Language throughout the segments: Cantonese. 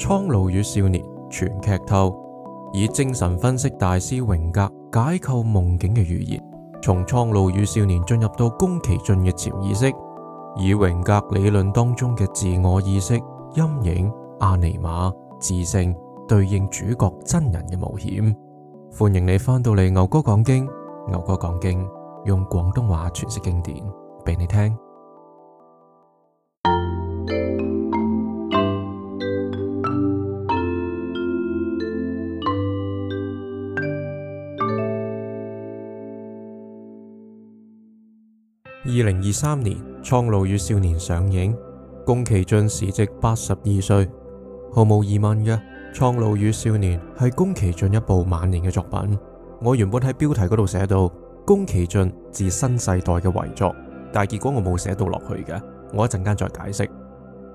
《蒼鷺與少年》全劇透，以精神分析大師榮格解構夢境嘅語言，從《蒼鷺與少年》進入到宮崎駿嘅潛意識，以榮格理論當中嘅自我意識、陰影、阿尼瑪、自性，對應主角真人嘅冒險。歡迎你翻到嚟牛哥講經，牛哥講經，用廣東話詮釋經典俾你聽。二零二三年《蒼鷺與少年》上映，宮崎駿時值八十二歲，毫無疑問嘅《蒼鷺與少年》係宮崎駿一部晚年嘅作品。我原本喺標題嗰度寫到宮崎駿致新世代嘅遺作，但係結果我冇寫到落去嘅，我一陣間再解釋。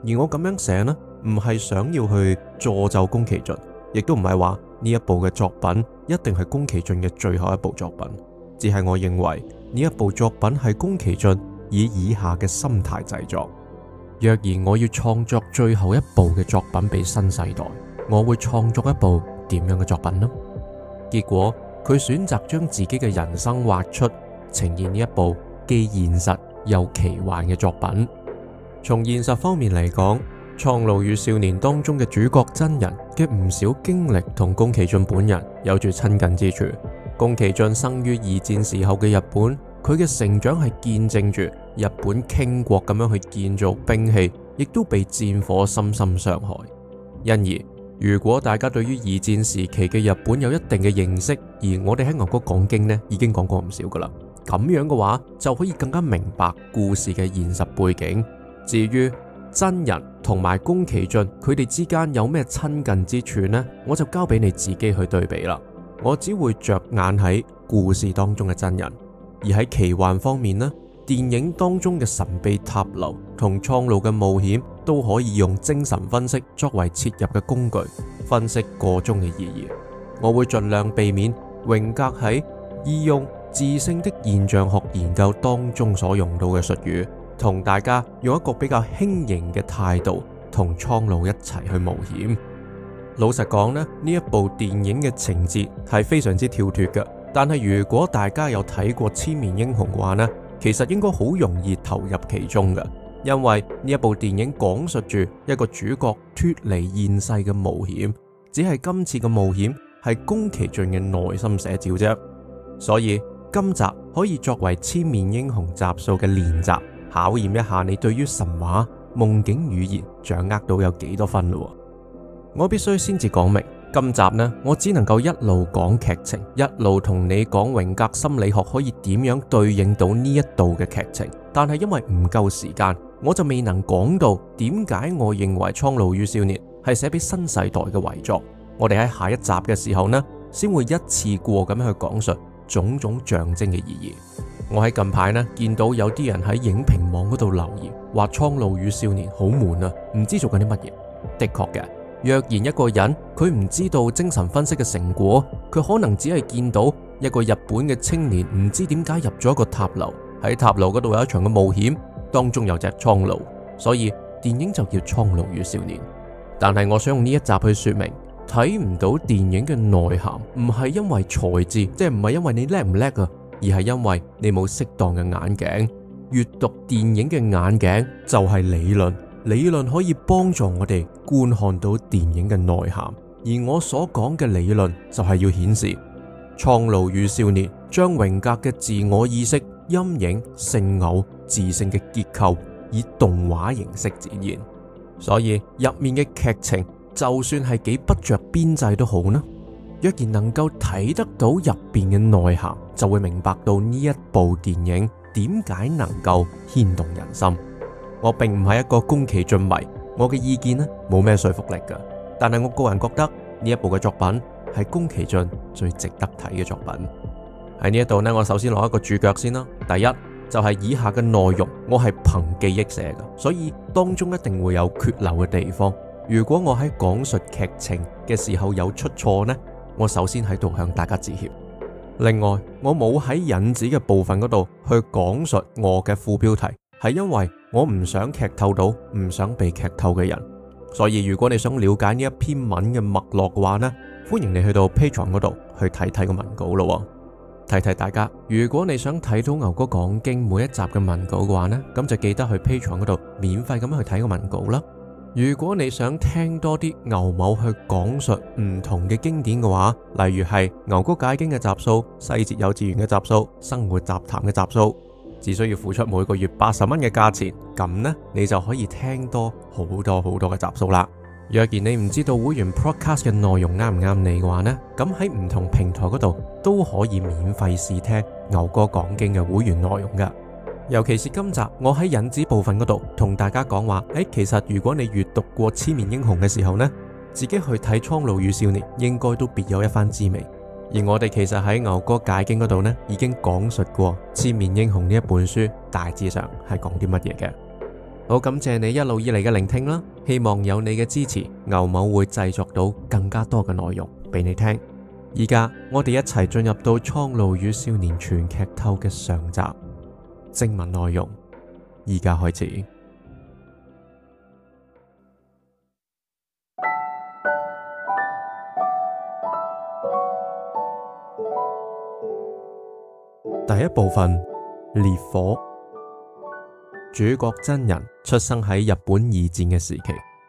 而我咁樣寫呢，唔係想要去詛咒宮崎駿，亦都唔係話呢一部嘅作品一定係宮崎駿嘅最後一部作品。只係我認為呢一部作品係宮崎駿以以下嘅心態製作。若然我要創作最後一部嘅作品俾新世代，我會創作一部點樣嘅作品呢？結果佢選擇將自己嘅人生畫出，呈現呢一部既現實又奇幻嘅作品。從現實方面嚟講，《蒼鷺與少年》當中嘅主角真人嘅唔少經歷同宮崎駿本人有住親近之處。宮崎駿生於二戰時候嘅日本，佢嘅成長係見證住日本傾國咁樣去建造兵器，亦都被戰火深深傷害。因而，如果大家對於二戰時期嘅日本有一定嘅認識，而我哋喺牛哥講經呢，已經講過唔少噶啦。咁樣嘅話，就可以更加明白故事嘅現實背景。至於真人同埋宮崎駿佢哋之間有咩親近之處呢？我就交俾你自己去對比啦。我只會着眼喺故事當中嘅真人，而喺奇幻方面呢，電影當中嘅神秘塔樓同蒼鷺嘅冒險都可以用精神分析作為切入嘅工具，分析箇中嘅意義。我會盡量避免榮格喺伊雍自性的現象學研究當中所用到嘅術語，同大家用一個比較輕盈嘅態度，同蒼鷺一齊去冒險。老實講呢，呢一部電影嘅情節係非常之跳脱嘅。但係如果大家有睇過《千面英雄》嘅話呢，其實應該好容易投入其中嘅，因為呢一部電影講述住一個主角脫離現世嘅冒險，只係今次嘅冒險係宮崎駿嘅內心寫照啫。所以今集可以作為《千面英雄》集數嘅練習，考驗一下你對於神話、夢境語言掌握到有幾多分嘞。我必須先至講明，今集呢，我只能夠一路講劇情，一路同你講榮格心理學可以點樣對應到呢一度嘅劇情。但係因為唔夠時間，我就未能講到點解我認為《蒼鷺與少年》係寫俾新世代嘅遺作。我哋喺下一集嘅時候呢，先會一次過咁樣去講述種種象徵嘅意義。我喺近排呢見到有啲人喺影評網嗰度留言，話《蒼鷺與少年》好悶啊，唔知做緊啲乜嘢。的確嘅。若然一個人佢唔知道精神分析嘅成果，佢可能只係見到一個日本嘅青年唔知點解入咗一個塔樓，喺塔樓嗰度有一場嘅冒險，當中有隻蒼鷺，所以電影就叫《蒼鷺與少年》。但係我想用呢一集去說明，睇唔到電影嘅內涵，唔係因為才智，即係唔係因為你叻唔叻啊，而係因為你冇適當嘅眼鏡。閱讀電影嘅眼鏡就係理論。理論可以幫助我哋觀看到電影嘅內涵，而我所講嘅理論就係要顯示《蒼鷺與少年》將榮格嘅自我意識、陰影、聖耦、自性嘅結構以動畫形式展現，所以入面嘅劇情就算係幾不着邊際都好呢。若然能夠睇得到入邊嘅內涵，就會明白到呢一部電影點解能夠牽動人心。我並唔係一個宮崎駿迷，我嘅意見呢，冇咩說服力噶。但係我個人覺得呢一部嘅作品係宮崎駿最值得睇嘅作品。喺呢一度呢，我首先攞一個主角先啦。第一就係以下嘅內容，我係憑記憶寫噶，所以當中一定會有缺漏嘅地方。如果我喺講述劇情嘅時候有出錯呢，我首先喺度向大家致歉。另外，我冇喺引子嘅部分嗰度去講述我嘅副標題。係因為我唔想劇透到唔想被劇透嘅人，所以如果你想了解呢一篇文嘅脈絡嘅話呢，歡迎你去到 Patreon 嗰度去睇睇個文稿咯。提提大家，如果你想睇到牛哥講經每一集嘅文稿嘅話呢，咁就記得去 Patreon 嗰度免費咁樣去睇個文稿啦。如果你想聽多啲牛某去講述唔同嘅經典嘅話，例如係牛哥解經嘅集數、細節幼稚園嘅集數、生活雜談嘅集數。只需要付出每個月八十蚊嘅價錢，咁呢你就可以聽多好多好多嘅集數啦。若然你唔知道會員 Podcast 嘅內容啱唔啱你嘅話呢，咁喺唔同平台嗰度都可以免費試聽牛哥講經嘅會員內容㗎。尤其是今集，我喺引子部分嗰度同大家講話，喺其實如果你閲讀過《千面英雄》嘅時候呢，自己去睇《蒼鷺與少年》應該都別有一番滋味。而我哋其實喺牛哥解經嗰度呢，已經講述過《千面英雄》呢一本書大致上係講啲乜嘢嘅。好，感謝你一路以嚟嘅聆聽啦，希望有你嘅支持，牛某會製作到更加多嘅內容俾你聽。而家我哋一齊進入到《蒼鷺與少年》全劇透嘅上集，正文內容，依家開始。第一部分，烈火。主角真人出生喺日本二戰嘅時期，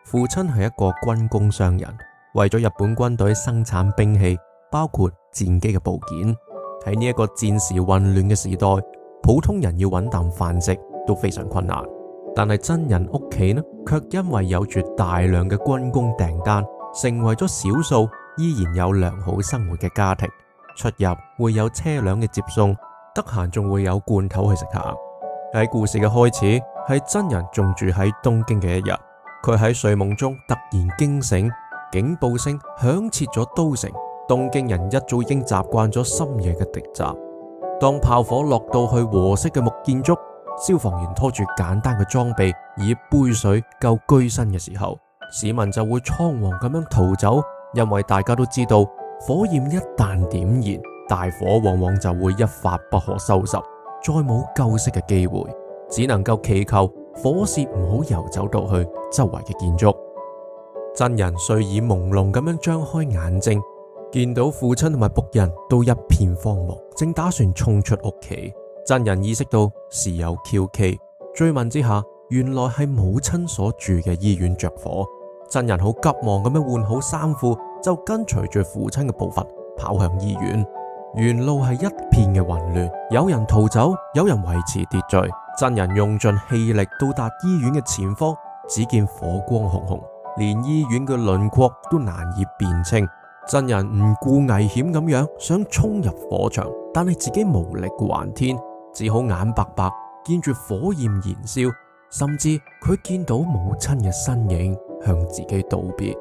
父親係一個軍工商人，為咗日本軍隊生產兵器，包括戰機嘅部件。喺呢一個戰時混亂嘅時代，普通人要揾啖飯食都非常困難。但係真人屋企呢，卻因為有住大量嘅軍工訂單，成為咗少數依然有良好生活嘅家庭，出入會有車輛嘅接送。得閒仲會有罐頭去食下。喺故事嘅開始，係真人仲住喺東京嘅一日，佢喺睡夢中突然驚醒，警報聲響徹咗都城。東京人一早已經習慣咗深夜嘅敵襲。當炮火落到去和式嘅木建築，消防員拖住簡單嘅裝備以杯水救居身嘅時候，市民就會倉皇咁樣逃走，因為大家都知道火焰一旦點燃，大火往往就會一發不可收拾，再冇救熄嘅機會，只能夠祈求火舌唔好游走到去周圍嘅建築。真人睡意朦朧咁樣張開眼睛，見到父親同埋僕人都一片荒漠，正打算衝出屋企。真人意識到事有蹺蹊，追問之下，原來係母親所住嘅醫院着火。真人好急忙咁樣換好衫褲，就跟隨住父親嘅步伐跑向醫院。沿路係一片嘅混亂，有人逃走，有人維持秩序。真人用盡氣力到達醫院嘅前方，只見火光熊熊，連醫院嘅輪廓都難以辨清。真人唔顧危險咁樣想沖入火場，但係自己無力還天，只好眼白白見住火焰燃燒，甚至佢見到母親嘅身影向自己道別。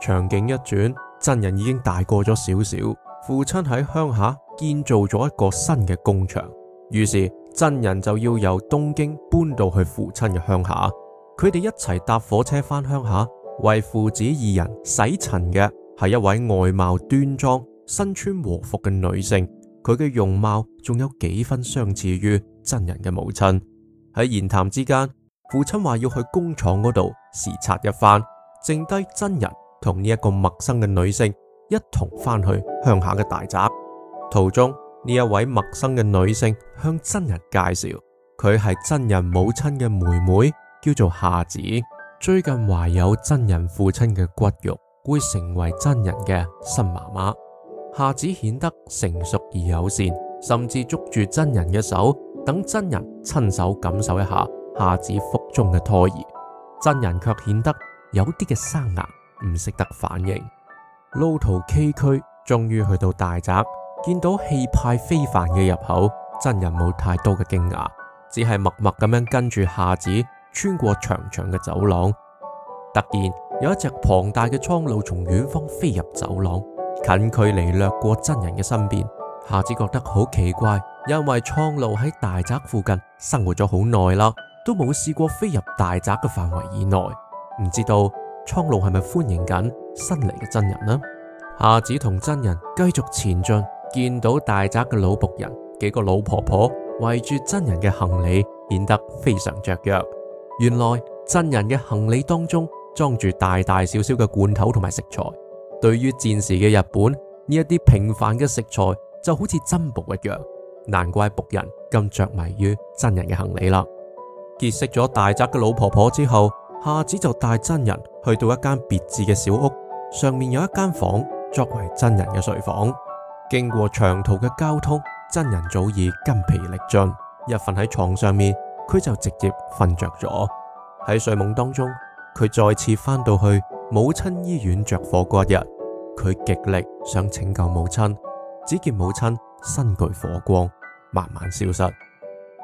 場景一轉，真人已經大過咗少少。父親喺鄉下建造咗一個新嘅工場，於是真人就要由東京搬到去父親嘅鄉下。佢哋一齊搭火車返鄉下。為父子二人洗塵嘅係一位外貌端莊、身穿和服嘅女性。佢嘅容貌仲有幾分相似於真人嘅母親。喺言談之間，父親話要去工廠嗰度視察一番，剩低真人同呢一個陌生嘅女性，一同翻去鄉下嘅大宅，途中呢一位陌生嘅女性向真人介紹，佢係真人母親嘅妹妹，叫做夏子，最近懷有真人父親嘅骨肉，會成為真人嘅新媽媽。夏子顯得成熟而友善，甚至捉住真人嘅手，等真人親手感受一下夏子腹中嘅胎兒。真人卻顯得有啲嘅生硬，唔識得反應。路途崎嶇，終於去到大宅，見到氣派非凡嘅入口，真人冇太多嘅驚訝，只係默默咁樣跟住夏子穿過長長嘅走廊。突然有一隻龐大嘅蒼鷺從遠方飛入走廊，近距離掠過真人嘅身邊。夏子覺得好奇怪，因為蒼鷺喺大宅附近生活咗好耐啦，都冇試過飛入大宅嘅範圍以內，唔知道。蒼鷺係咪歡迎緊新嚟嘅真人呢？夏子同真人繼續前進，見到大宅嘅老僕人幾個老婆婆圍住真人嘅行李，顯得非常雀躍。原來真人嘅行李當中裝住大大小小嘅罐頭同埋食材，對於戰時嘅日本，呢一啲平凡嘅食材就好似珍寶一樣，難怪僕人咁着迷於真人嘅行李啦。結識咗大宅嘅老婆婆之後，夏子就帶真人去到一間別緻嘅小屋，上面有一間房作為真人嘅睡房。經過長途嘅交通，真人早已筋疲力盡，一瞓喺床上面，佢就直接瞓着咗。喺睡夢當中，佢再次翻到去母親醫院着火嗰日，佢極力想拯救母親，只見母親身具火光，慢慢消失。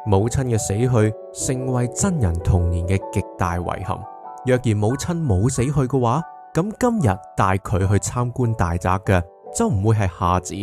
母親嘅死去，成為真人童年嘅極大遺憾。若然母親冇死去嘅話，咁今日帶佢去參觀大宅嘅就唔會係夏子，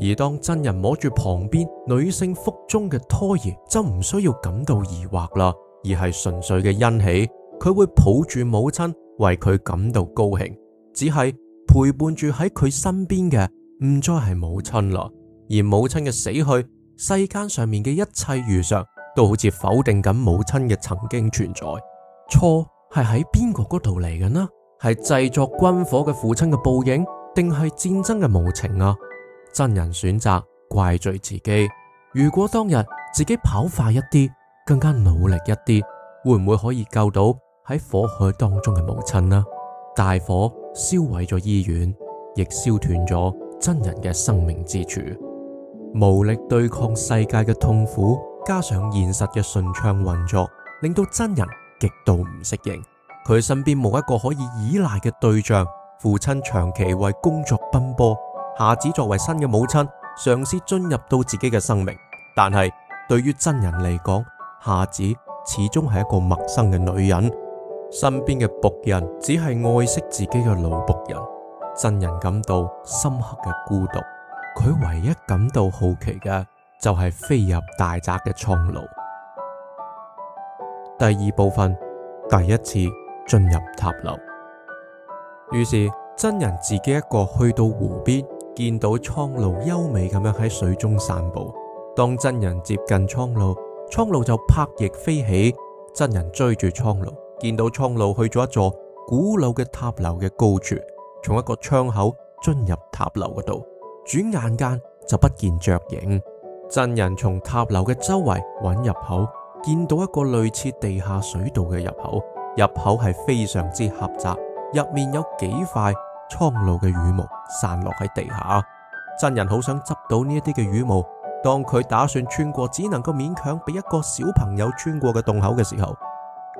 而當真人摸住旁邊女性腹中嘅胎兒，就唔需要感到疑惑啦，而係純粹嘅欣喜。佢會抱住母親，為佢感到高興。只係陪伴住喺佢身邊嘅唔再係母親啦，而母親嘅死去，世間上面嘅一切如常，都好似否定緊母親嘅曾經存在。錯。係喺邊個嗰度嚟嘅呢？係製作軍火嘅父親嘅報應，定係戰爭嘅無情啊？真人選擇怪罪自己，如果當日自己跑快一啲，更加努力一啲，會唔會可以救到喺火海當中嘅母親呢？大火燒毀咗醫院，亦燒斷咗真人嘅生命之柱，無力對抗世界嘅痛苦，加上現實嘅順暢運作，令到真人。極度唔適應，佢身邊冇一個可以依賴嘅對象。父親長期為工作奔波，夏子作為新嘅母親，嘗試進入到自己嘅生命。但係對於真人嚟講，夏子始終係一個陌生嘅女人。身邊嘅僕人只係愛惜自己嘅老僕人，真人感到深刻嘅孤獨。佢唯一感到好奇嘅就係飛入大宅嘅蒼鷺。第二部分，第一次進入塔樓。於是真人自己一個去到湖邊，見到蒼鷺優美咁樣喺水中散步。當真人接近蒼鷺，蒼鷺就拍翼飛起。真人追住蒼鷺，見到蒼鷺去咗一座古老嘅塔樓嘅高處，從一個窗口進入塔樓嗰度。轉眼間就不見雀影。真人從塔樓嘅周圍搵入口。見到一個類似地下水道嘅入口，入口係非常之狹窄，入面有幾塊蒼鷺嘅羽毛散落喺地下。真人好想執到呢一啲嘅羽毛，當佢打算穿過只能夠勉強俾一個小朋友穿過嘅洞口嘅時候，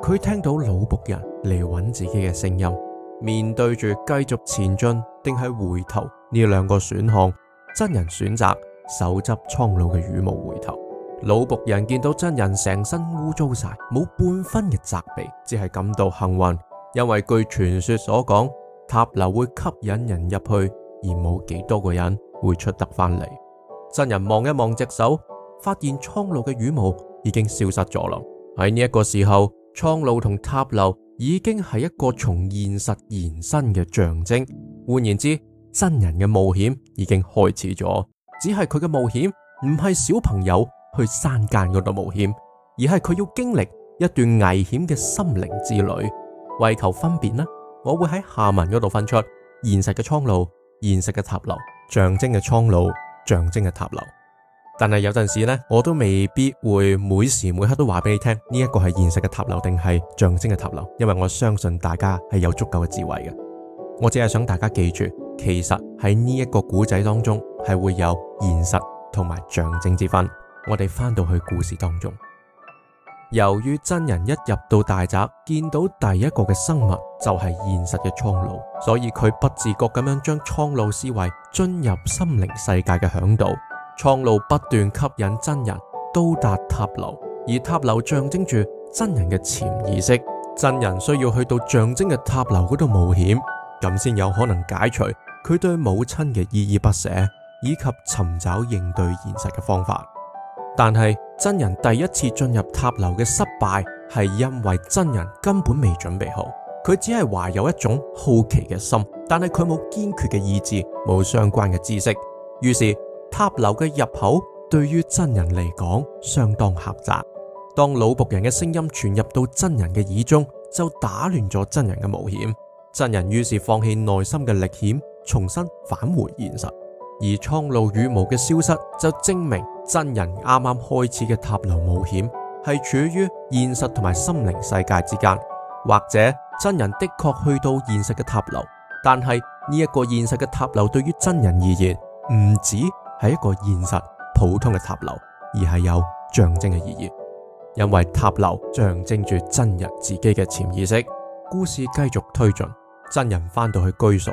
佢聽到老僕人嚟揾自己嘅聲音，面對住繼續前進定係回頭呢兩個選項，真人選擇手執蒼鷺嘅羽毛回頭。老僕人見到真人成身污糟晒，冇半分嘅責備，只係感到幸運，因為據傳說所講，塔樓會吸引人入去，而冇幾多個人會出得翻嚟。真人望一望隻手，發現蒼鷺嘅羽毛已經消失咗啦。喺呢一個時候，蒼鷺同塔樓已經係一個從現實延伸嘅象徵，換言之，真人嘅冒險已經開始咗，只係佢嘅冒險唔係小朋友去山間嗰度冒險，而係佢要經歷一段危險嘅心靈之旅，為求分辨呢，我會喺下文嗰度分出現實嘅蒼鷺、現實嘅塔樓、象徵嘅蒼鷺、象徵嘅塔樓。但係有陣時呢，我都未必會每時每刻都話俾你聽呢一個係現實嘅塔樓定係象徵嘅塔樓，因為我相信大家係有足夠嘅智慧嘅。我只係想大家記住，其實喺呢一個古仔當中係會有現實同埋象徵之分。我哋翻到去故事當中，由於真人一入到大宅，見到第一個嘅生物就係現實嘅蒼鷺，所以佢不自覺咁樣將蒼鷺視為進入心靈世界嘅嚮導。蒼鷺不斷吸引真人到達塔樓，而塔樓象徵住真人嘅潛意識。真人需要去到象徵嘅塔樓嗰度冒險，咁先有可能解除佢對母親嘅依依不捨，以及尋找應對現實嘅方法。但係真人第一次進入塔樓嘅失敗，係因為真人根本未準備好，佢只係懷有一種好奇嘅心，但係佢冇堅決嘅意志，冇相關嘅知識。於是塔樓嘅入口對於真人嚟講相當狹窄。當老僕人嘅聲音傳入到真人嘅耳中，就打亂咗真人嘅冒險。真人於是放棄內心嘅歷險，重新返回現實。而蒼鷺羽毛嘅消失就證明。真人啱啱開始嘅塔樓冒險係處於現實同埋心靈世界之間，或者真人的確去到現實嘅塔樓，但係呢一個現實嘅塔樓對於真人而言，唔止係一個現實普通嘅塔樓，而係有象徵嘅意義。因為塔樓象徵住真人自己嘅潛意識。故事繼續推進，真人翻到去居所，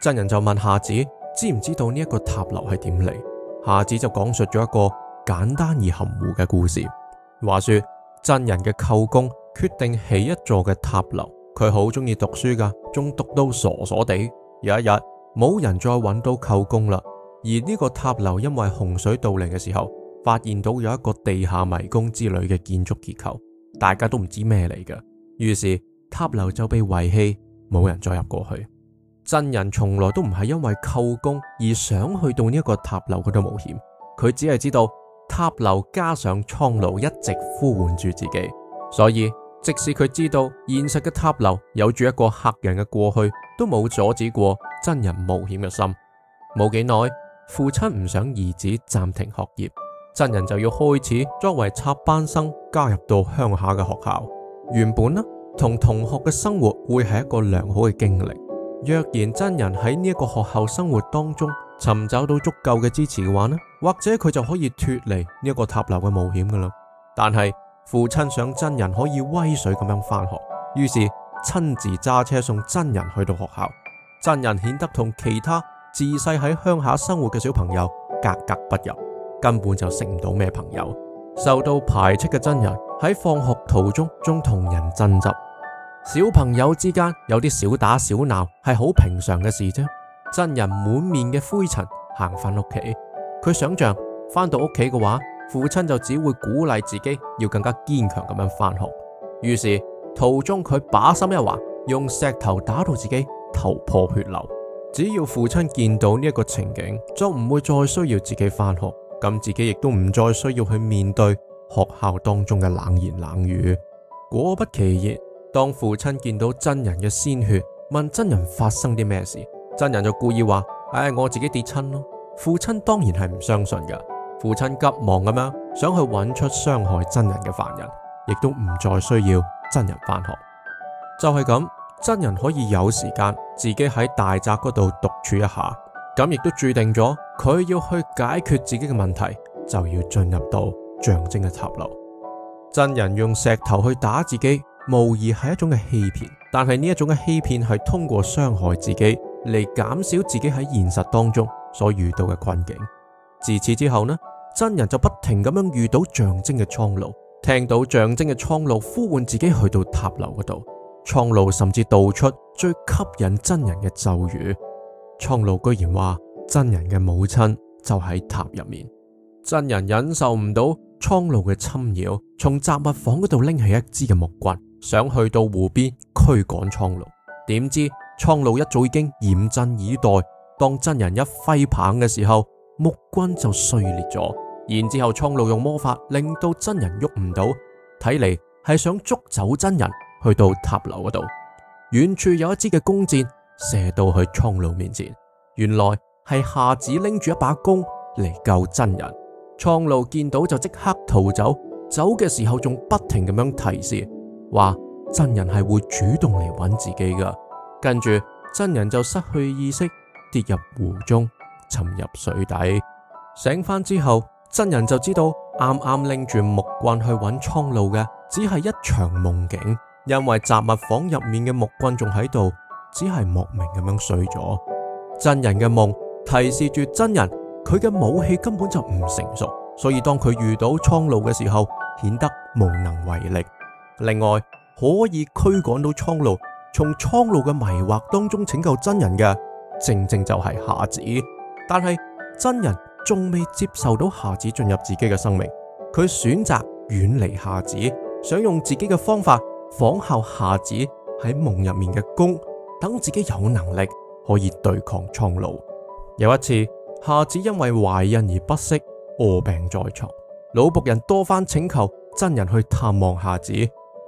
真人就問夏子：知唔知道呢一個塔樓係點嚟？下子就講述咗一個簡單而含糊嘅故事。話說真人嘅舅公決定起一座嘅塔樓，佢好中意讀書噶，仲讀到傻傻地。有一日冇人再揾到舅公啦，而呢個塔樓因為洪水到嚟嘅時候，發現到有一個地下迷宮之類嘅建築結構，大家都唔知咩嚟噶，於是塔樓就被遺棄，冇人再入過去。真人從來都唔係因為扣工而想去到呢一個塔樓嗰度冒險，佢只係知道塔樓加上蒼鷺一直呼喚住自己，所以即使佢知道現實嘅塔樓有住一個客人嘅過去，都冇阻止過真人冒險嘅心。冇幾耐，父親唔想兒子暫停學業，真人就要開始作為插班生加入到鄉下嘅學校。原本呢，同同學嘅生活會係一個良好嘅經歷。若然真人喺呢一個學校生活當中尋找到足夠嘅支持嘅話呢，或者佢就可以脫離呢一個塔樓嘅冒險㗎喇。但係父親想真人可以威水咁樣翻學，於是親自揸車送真人去到學校。真人顯得同其他自細喺鄉下生活嘅小朋友格格不入，根本就識唔到咩朋友，受到排斥嘅真人喺放學途中仲同人爭執。小朋友之間有啲小打小鬧係好平常嘅事啫。真人滿面嘅灰塵行翻屋企，佢想象翻到屋企嘅話，父親就只會鼓勵自己要更加堅強咁樣翻學。於是途中佢把心一橫，用石頭打到自己頭破血流。只要父親見到呢一個情景，就唔會再需要自己翻學，咁自己亦都唔再需要去面對學校當中嘅冷言冷語。果不其然。當父親見到真人嘅鮮血，問真人發生啲咩事，真人就故意話：唉、哎，我自己跌親咯。父親當然係唔相信㗎，父親急忙咁樣想去揾出傷害真人嘅犯人，亦都唔再需要真人返學。就係、是、咁，真人可以有時間自己喺大宅嗰度獨處一下，咁亦都注定咗佢要去解決自己嘅問題，就要進入到象徵嘅塔樓。真人用石頭去打自己，無疑係一種嘅欺騙，但係呢一種嘅欺騙係通過傷害自己嚟減少自己喺現實當中所遇到嘅困境。自此之後呢，真人就不停咁樣遇到象徵嘅蒼鷺，聽到象徵嘅蒼鷺呼喚自己去到塔樓嗰度。蒼鷺甚至道出最吸引真人嘅咒語。蒼鷺居然話，真人嘅母親就喺塔入面。真人忍受唔到蒼鷺嘅侵擾，從雜物房嗰度拎起一支嘅木棍，想去到湖邊驅趕蒼鷺，點知蒼鷺一早已經嚴陣以待。當真人一揮棒嘅時候，木棍就碎裂咗。然之後蒼鷺用魔法令到真人喐唔到，睇嚟係想捉走真人去到塔樓嗰度。遠處有一支嘅弓箭射到去蒼鷺面前，原來係夏子拎住一把弓嚟救真人。蒼鷺見到就即刻逃走，走嘅時候仲不停咁樣提示，話真人係會主動嚟揾自己噶，跟住真人就失去意識，跌入湖中，沉入水底。醒返之後，真人就知道啱啱拎住木棍去揾蒼鷺嘅，只係一場夢境，因為雜物房入面嘅木棍仲喺度，只係莫名咁樣碎咗。真人嘅夢提示住真人，佢嘅武器根本就唔成熟，所以當佢遇到蒼鷺嘅時候，顯得無能為力。另外，可以驅趕到蒼鷺，從蒼鷺嘅迷惑當中拯救真人嘅，正正就係夏子。但係真人仲未接受到夏子進入自己嘅生命，佢選擇遠離夏子，想用自己嘅方法仿效夏子喺夢入面嘅弓，等自己有能力可以對抗蒼鷺。有一次，夏子因為懷孕而不適，卧病在床，老僕人多番請求真人去探望夏子。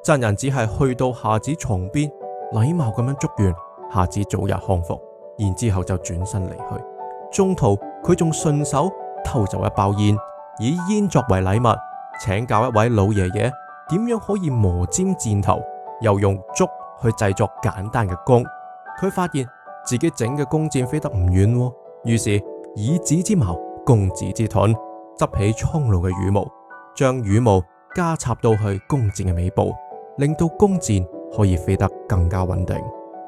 真人只係去到夏子床邊，禮貌咁樣祝願夏子早日康復，然之後就轉身離去。中途佢仲順手偷走一包煙，以煙作為禮物，請教一位老爺爺點樣可以磨尖箭頭，又用竹去製作簡單嘅弓。佢發現自己整嘅弓箭飛得唔遠，哦，於是以子之矛攻子之盾，執起蒼鷺嘅羽毛，將羽毛加插到去弓箭嘅尾部。令到弓箭可以飛得更加穩定。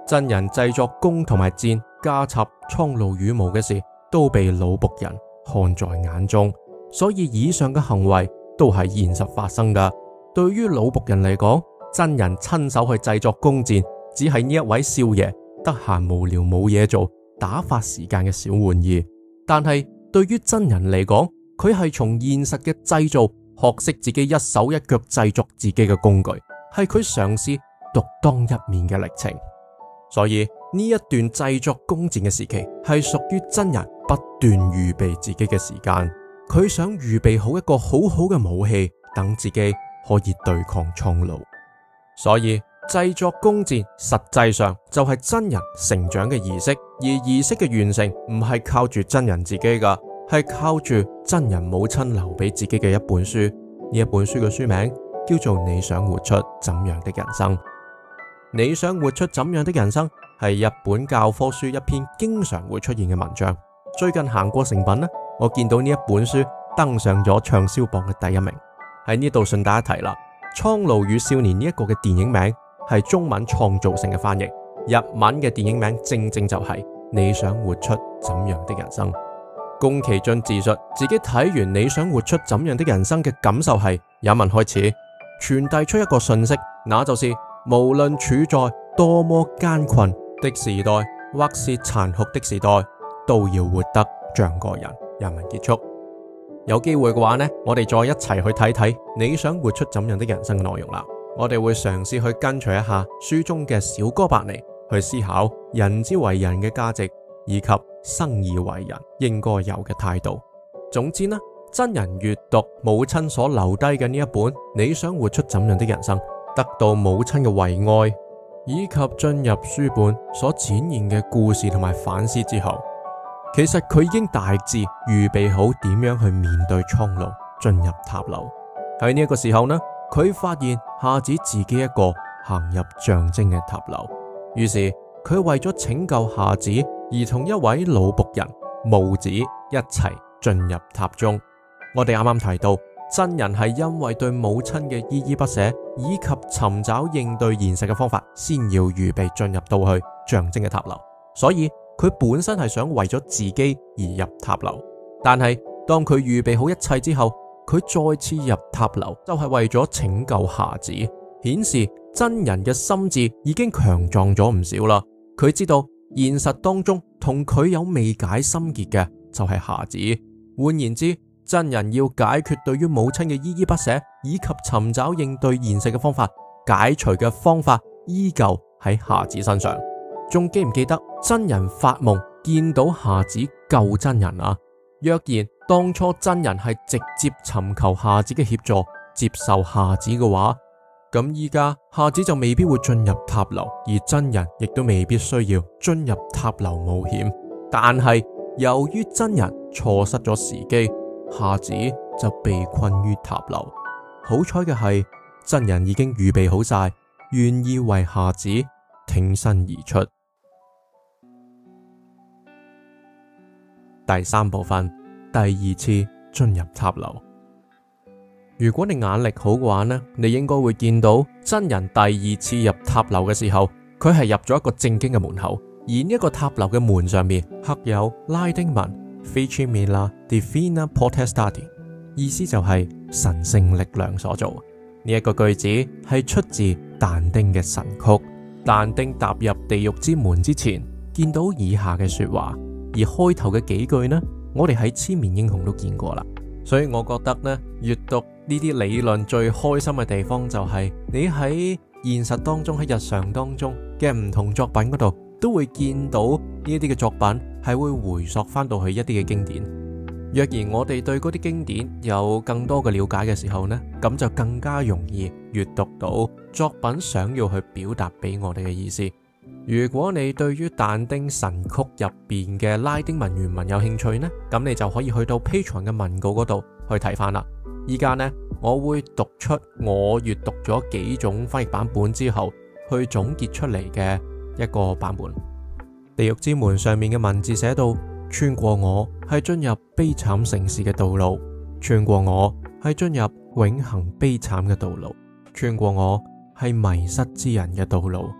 真人製作弓同埋箭，加插蒼鷺羽毛嘅事，都被老僕人看在眼中，所以以上嘅行為都係現實發生㗎。對於老僕人嚟講，真人親手去製作弓箭，只係呢一位少爺得閒無聊冇嘢做，打發時間嘅小玩意。但係對於真人嚟講，佢係從現實嘅製造學識自己一手一腳製作自己嘅工具。係佢嘗試獨當一面嘅歷程，所以呢一段製作弓箭嘅時期，係屬於真人不斷預備自己嘅時間。佢想預備好一個好好嘅武器，等自己可以對抗蒼鷺。所以製作弓箭實際上就係真人成長嘅儀式，而儀式嘅完成唔係靠住真人自己㗎，係靠住真人母親留俾自己嘅一本書。呢一本書嘅書名，叫做你想活出怎樣的人生？你想活出怎樣的人生，係日本教科書一篇經常會出現嘅文章。最近行過成品呢，我見到呢一本書登上咗暢銷榜嘅第一名。喺呢度順帶一提啦，《蒼鷺與少年》呢、這、一個嘅電影名係中文創造性嘅翻譯，日文嘅電影名正正就係、是《你想活出怎樣的人生》。宮崎駿自述自己睇完《你想活出怎樣的人生》嘅感受係：引文開始。傳遞出一個訊息，那就是無論處在多麼艱困的時代，或是殘酷的時代，都要活得像個人。人民結束。有機會嘅話呢，我哋再一齊去睇睇你想活出怎樣的人生內容啦。我哋會嘗試去跟隨一下書中嘅小哥白尼，去思考人之為人嘅價值，以及生而為人應該有嘅態度。總之呢，真人閱讀母親所留低嘅呢一本，你想活出怎樣的人生？得到母親嘅遺愛，以及進入書本所展現嘅故事同埋反思之後，其實佢已經大致預備好點樣去面對蒼鷺，進入塔樓。喺呢一個時候呢，佢發現夏子自己一個行入象徵嘅塔樓，於是佢為咗拯救夏子而同一位老僕人霧子一齊進入塔中。我哋啱啱提到真人係因為對母親嘅依依不捨，以及尋找應對現實嘅方法，先要預備進入到去象徵嘅塔樓。所以佢本身係想為咗自己而入塔樓，但係當佢預備好一切之後，佢再次入塔樓就係為咗拯救夏子，顯示真人嘅心智已經強壯咗唔少啦。佢知道現實當中同佢有未解心結嘅就係夏子，換言之。真人要解決對於母親嘅依依不捨，以及尋找應對現實嘅方法，解除嘅方法依舊喺夏子身上。仲記唔記得真人發夢見到夏子救真人啊？若然當初真人係直接尋求夏子嘅協助，接受夏子嘅話，咁依家夏子就未必會進入塔樓，而真人亦都未必需要進入塔樓冒險。但係由於真人錯失咗時機。夏子就被困於塔樓，好彩嘅係真人已經預備好晒，願意為夏子挺身而出。第三部分，第二次進入塔樓。如果你眼力好嘅話呢，你應該會見到真人第二次入塔樓嘅時候，佢係入咗一個正經嘅門口，而呢個塔樓嘅門上面刻有拉丁文。Fecemi la divina podestate，意思就係神聖力量所做呢一，這個句子係出自但丁嘅神曲。但丁踏入地獄之門之前，見到以下嘅說話，而開頭嘅幾句呢，我哋喺千面英雄都見過啦。所以我覺得呢，閱讀呢啲理論最開心嘅地方就係你喺現實當中喺日常當中嘅唔同作品嗰度。都會見到呢啲嘅作品係會回溯翻到去一啲嘅經典。若然我哋對嗰啲經典有更多嘅了解嘅時候呢，咁就更加容易閱讀到作品想要去表達俾我哋嘅意思。如果你對於但丁《神曲》入邊嘅拉丁文原文有興趣呢，咁你就可以去到 Patreon 嘅文稿嗰度去睇翻啦。依家呢，我會讀出我閱讀咗幾種翻譯版本之後，去總結出嚟嘅。一個版本地獄之門上面嘅文字寫到：穿過我係進入悲慘城市嘅道路，穿過我係進入永恆悲慘嘅道路，穿過我係迷失之人嘅道路。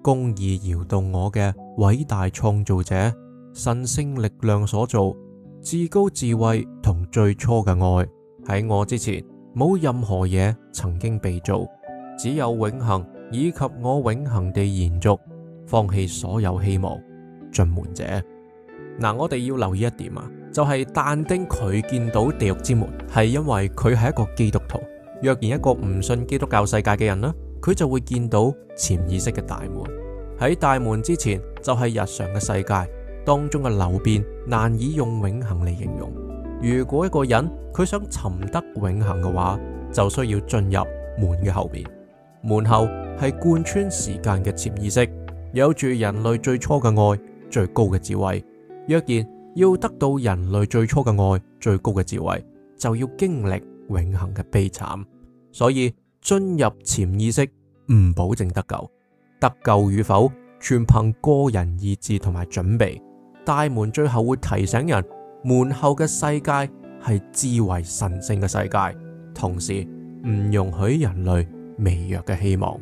公義搖動我嘅偉大創造者，神聖力量所造，至高智慧同最初嘅愛。喺我之前，冇任何嘢曾經被造，只有永恆以及我永恆地延續。放棄所有希望，進門者。嗱、啊，我哋要留意一點啊，就係、是、但丁佢見到地獄之門係因為佢係一個基督徒。若然一個唔信基督教世界嘅人呢，佢就會見到潛意識嘅大門。喺大門之前就係、是、日常嘅世界當中嘅流變，難以用永恆嚟形容。如果一個人佢想尋得永恆嘅話，就需要進入門嘅後面。門後係貫穿時間嘅潛意識。有住人類最初嘅愛、最高嘅智慧。若然要得到人類最初嘅愛、最高嘅智慧，就要經歷永恒嘅悲慘。所以進入潛意識唔保證得救，得救與否全憑個人意志同埋準備。大門最後會提醒人，門後嘅世界係智慧神聖嘅世界，同時唔容許人類微弱嘅希望。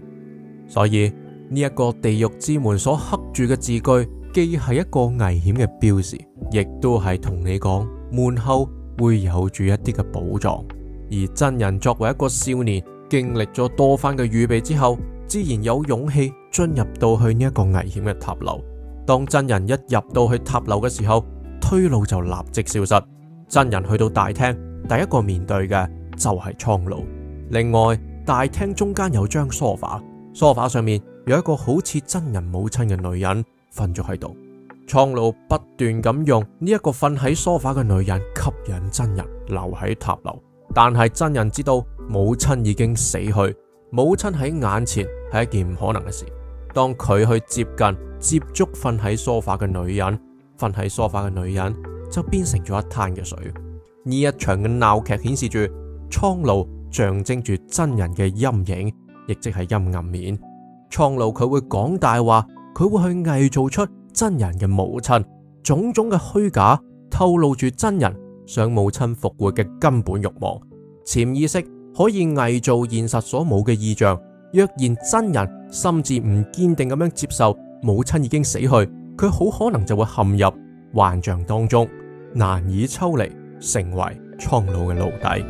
所以。呢一個地獄之門所刻住嘅字句，既係一個危險嘅標誌，亦都係同你講門後會有住一啲嘅寶藏。而真人作為一個少年，經歷咗多番嘅預備之後，自然有勇氣進入到去呢一個危險嘅塔樓。當真人一入到去塔樓嘅時候，退路就立即消失。真人去到大廳，第一個面對嘅就係蒼鷺。另外，大廳中間有張梳化，梳化上面，有一個好似真人母親嘅女人瞓咗喺度，蒼鷺不斷咁用呢一個瞓喺梳化嘅女人吸引真人留喺塔樓，但係真人知道母親已經死去，母親喺眼前係一件唔可能嘅事。當佢去接近接觸瞓喺梳化嘅女人，瞓喺梳化嘅女人就變成咗一灘嘅水。呢一場嘅鬧劇顯示住蒼鷺象徵住真人嘅陰影，亦即係陰暗面。蒼鷺佢會講大話，佢會去偽造出真人嘅母親，種種嘅虛假透露住真人想母親復活嘅根本欲望。潛意識可以偽造現實所冇嘅意象。若然真人心智唔堅定咁樣接受母親已經死去，佢好可能就會陷入幻象當中，難以抽離，成為蒼鷺嘅奴隸。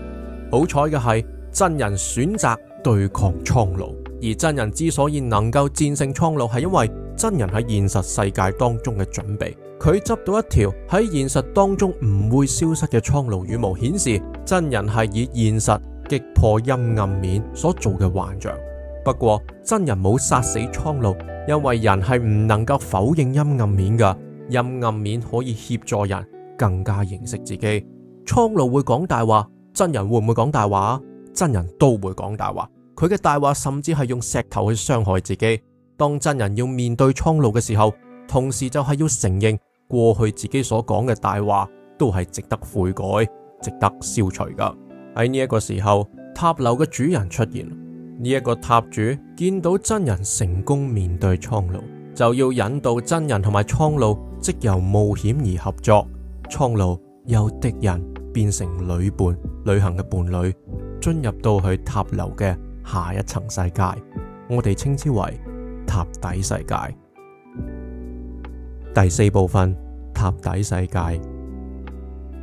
好彩嘅係真人選擇對抗蒼鷺。而真人之所以能夠戰勝蒼鷺，係因為真人喺現實世界當中嘅準備。佢執到一條喺現實當中唔會消失嘅蒼鷺羽毛，顯示真人係以現實擊破陰暗面所做嘅幻象。不過真人冇殺死蒼鷺，因為人係唔能夠否認陰暗面㗎。陰暗面可以協助人更加認識自己。蒼鷺會講大話，真人會唔會講大話？真人都會講大話。佢嘅大話甚至係用石頭去傷害自己。當真人要面對蒼鷺嘅時候，同時就係要承認過去自己所講嘅大話都係值得悔改、值得消除嘅。喺呢一個時候，塔樓嘅主人出現。呢一個塔主見到真人成功面對蒼鷺，就要引導真人同埋蒼鷺即由冒險而合作。蒼鷺由敵人變成旅伴、旅行嘅伴侶，進入到去塔樓嘅下一層世界，我哋稱之為塔底世界。第四部分，塔底世界。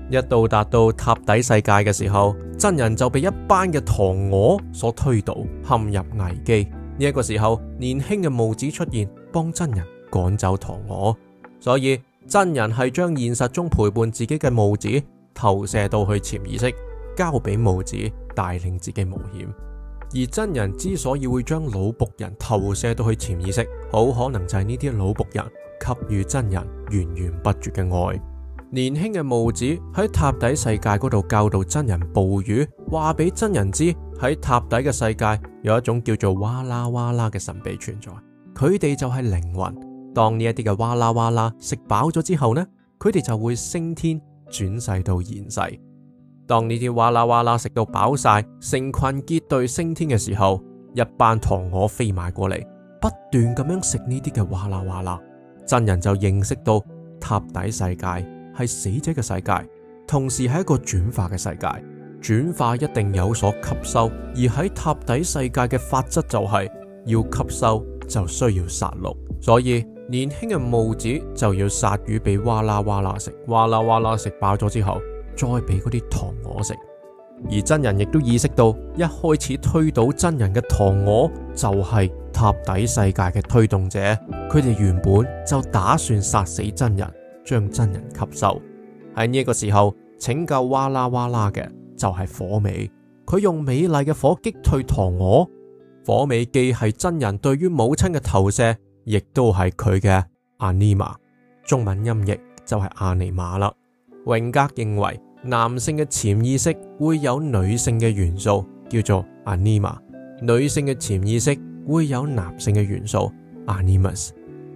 一到達到塔底世界嘅時候，真人就被一班嘅塘鵝所推倒，陷入危機。呢、這、一個時候，年輕嘅帽子出現，幫真人趕走塘鵝。所以真人係將現實中陪伴自己嘅帽子投射到去潛意識，交俾帽子帶領自己冒險。而真人之所以會將老僕人投射到去潛意識，好可能就係呢啲老僕人給予真人源源不絕嘅愛。年輕嘅霧子喺塔底世界嗰度教導真人捕魚，話俾真人知喺塔底嘅世界有一種叫做哇啦哇啦嘅神秘存在，佢哋就係靈魂。當呢一啲嘅哇啦哇啦食飽咗之後呢，佢哋就會升天轉世到現世。當呢啲哇啦哇啦食到飽晒，成群結隊升天嘅時候，一班塘鵝飛埋過嚟，不斷咁樣食呢啲嘅哇啦哇啦。真人就認識到塔底世界係死者嘅世界，同時係一個轉化嘅世界。轉化一定有所吸收，而喺塔底世界嘅法則就係要吸收就需要殺戮，所以年輕嘅巫子就要殺魚畀哇啦哇啦食，哇啦哇啦食飽咗之後。再俾嗰啲塘鵝食，而真人亦都意識到，一開始推倒真人嘅塘鵝，就係塔底世界嘅推動者，佢哋原本就打算殺死真人，將真人吸收。喺呢一個時候，拯救哇啦哇啦嘅就係火美，佢用美麗嘅火擊退塘鵝。火美既係真人對於母親嘅投射，亦都係佢嘅阿尼瑪，中文音譯就係阿尼瑪啦。榮格認為，男性嘅潛意識會有女性嘅元素，叫做 Anima；女性嘅潛意識會有男性嘅元素 Animus。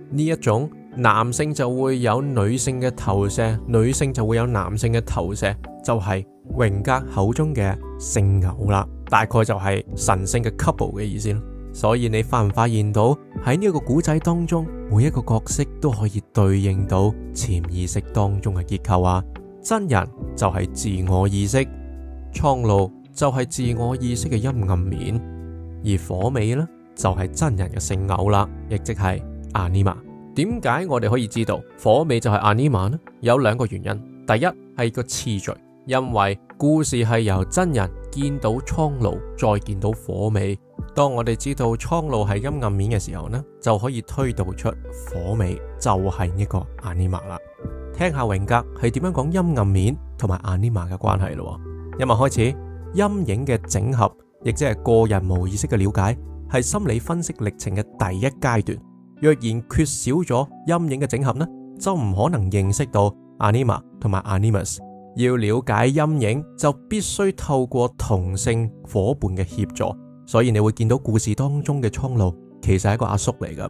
呢 an 一種男性就會有女性嘅投射，女性就會有男性嘅投射，就係、是、榮格口中嘅性牛啦。大概就係神聖嘅 couple 嘅意思，所以你發唔發現到喺呢一個古仔當中，每一個角色都可以對應到潛意識當中嘅結構啊？真人就係自我意識，蒼鷺就係自我意識嘅陰暗面，而火美呢，就係、是、真人嘅聖耦啦，亦即係阿尼瑪。點解我哋可以知道火美就係阿尼瑪呢？有兩個原因。第一係個次序，因為故事係由真人見到蒼鷺，再見到火美。當我哋知道蒼鷺係陰暗面嘅時候呢，就可以推導出火美就係呢個阿尼瑪啦。聽下榮格係點樣講陰暗面同埋 Anima 嘅關係咯。因為開始，陰影嘅整合，亦即係個人無意識嘅了解，係心理分析歷程嘅第一階段。若然缺少咗陰影嘅整合呢，就唔可能認識到 Anima 同埋 Animus。要了解陰影，就必須透過同性伙伴嘅協助。所以你會見到故事當中嘅蒼鷺其實係一個阿叔嚟嘅。